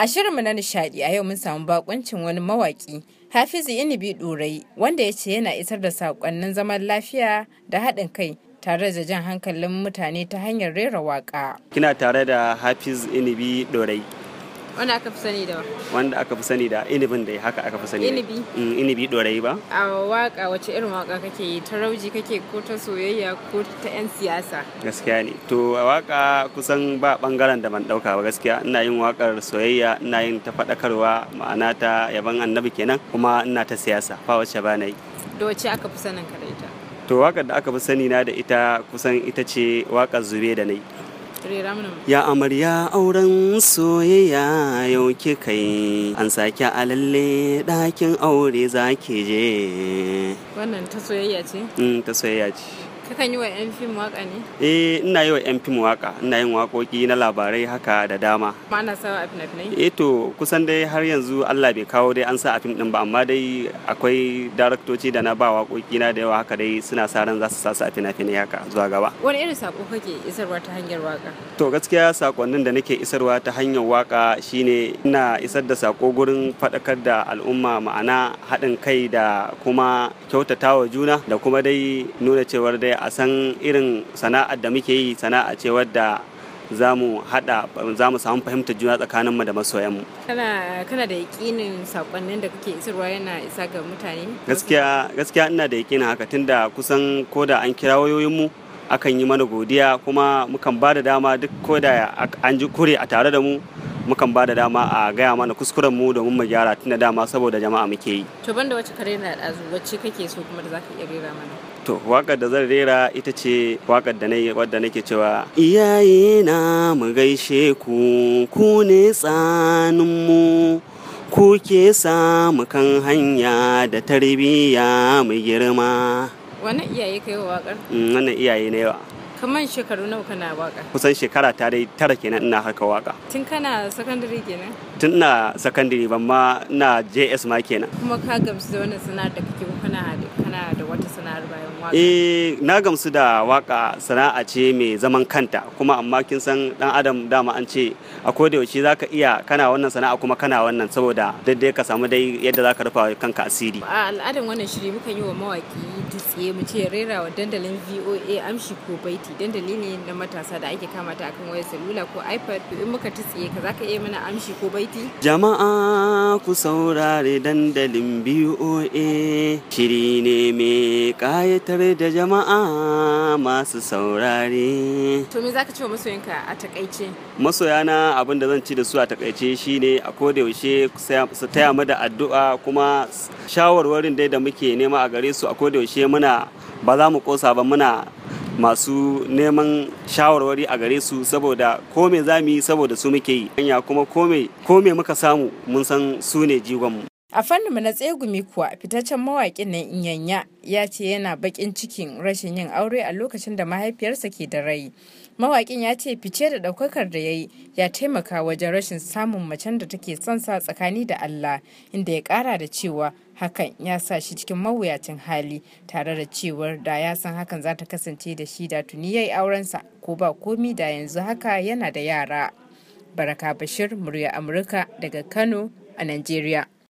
A shirinmu na nishadi a yau mun samu bakuncin wani mawaki Hafizu Inibi Durai wanda ya ce yana isar da saƙonnin zaman lafiya da haɗin kai tare da jan hankalin mutane ta hanyar rera waƙa. Kina tare da hafizu Inibi Durai. Wanda aka fi sani da Wanda aka fi sani da inibin da haka aka fi sani da. Inibi? Mm, inibi ɗorayi ba. A waka wace irin waka kake yi? Ta rauji kake ko ta soyayya ko ta 'yan siyasa? Gaskiya ne. To a waka kusan ba bangaren da ban ɗauka ba gaskiya. Ina yin wakar soyayya, ina yin ta faɗakarwa ma'ana ta yaban annabi kenan kuma ina ta siyasa ba wacce ba na yi. Da wacce aka fi sanin ka da ita? To wakar da aka fi sani na da ita kusan ita ce waƙar zube da na yi. Ya amarya auren soyayya yau kika yi, an sake lalle ɗakin aure zaki je. Wannan ta soyayya ce? Mm, ta soyayya ce. Kakan yi wa 'yan fim waka ne? Eh, ina yi wa 'yan fim waka, ina yin waƙoƙi na labarai haka da dama. Ma ana sawa a fina-finai? Eh to, kusan dai har yanzu Allah bai kawo dai an sa a fim ɗin ba, amma dai akwai daraktoci da na ba waƙoƙi na da yawa haka dai suna sa ran za su sa su a haka zuwa gaba. Wani irin kake isarwa ta hanyar waka? To, gaskiya saƙonnin da nake isarwa ta hanyar waka shine ina isar da saƙo gurin faɗakar da al'umma ma'ana haɗin kai da kuma kyautatawa juna da kuma dai nuna cewar dai a san irin sana'ar da muke yi sana'a ce wadda za mu haɗa za mu samu fahimtar juna tsakaninmu da masoyanmu. Kana kana da yakinin sakonnin da kake isarwa yana isa ga mutane? Gaskiya ina da yakinin haka tun da kusan ko da an kira wayoyinmu akan yi mana godiya kuma mukan ba da dama duk ko da an ji kure a tare da mu mukan ba da dama a gaya mana kuskuren mu domin mu gyara tunda dama saboda jama'a muke yi. To banda wacce kare na ɗazu wacce kake so kuma da zaka iya rera mana? To, waƙar da zan rera ita ce waƙar da nake wadda nake cewa iyaye na mu gaishe ku ku ne tsanin mu ku ke samu kan hanya da tarbiyya mu girma. wani iyaye yi wa wakar? Mm, wannan iyaye na yawa. kamar shekaru nawa kana waka kusan shekara ta dai tara kenan ina haka waka tun kana sakandare kenan tun ina sakandare ban ma ina js ma kenan kuma ka gamsu da wannan sana'ar da kake kana hade kana da wata sana'ar bayan waka eh na gamsu da waka sana'a ce mai zaman kanta kuma amma kin san dan adam dama an ce a koda yaushe zaka iya kana wannan sana'a kuma kana wannan saboda daidai ka samu dai yadda zaka rufa kanka asiri a al'adan wannan shiri muka yi wa mawaki dutse mu ce rera wa dandalin VOA amshi ko baiti dandali ne na matasa da ake kama ta akan wayar salula ko iPad in muka tutse ka zaka iya mana amshi ko baiti jama'a ku saurare dandalin VOA shiri ne Mai me kayatar da jama'a masu saurare. To me zaka ce wa masoyinka a takaice? na abin da zan ci da su a takaice shine a koda yaushe su taya mu da addu'a kuma shawarwarin dai da muke nema a gare su a koda yaushe muna ba za mu kosa ba muna masu neman shawarwari a gare su saboda kome za mu yi saboda su muke yi. Hanya kuma kome muka samu mun san su ne jigonmu. A fanninmu na tsegumi kuwa fitaccen mawaƙin nan Inyanya ya ce yana baƙin cikin rashin yin aure a lokacin da mahaifiyarsa ke da rai. Mawaƙin ya ce fice da ɗaukakar da ya yi ya taimaka wajen rashin samun macen da take son sa tsakani da Allah inda ya ƙara da cewa hakan ya sa shi cikin mawuyacin hali tare da cewar da ya san hakan za ta kasance da shi da tuni ya yi aurensa ko ba komi da yanzu haka yana da yara. Baraka Bashir, murya Amurka daga Kano a nigeria.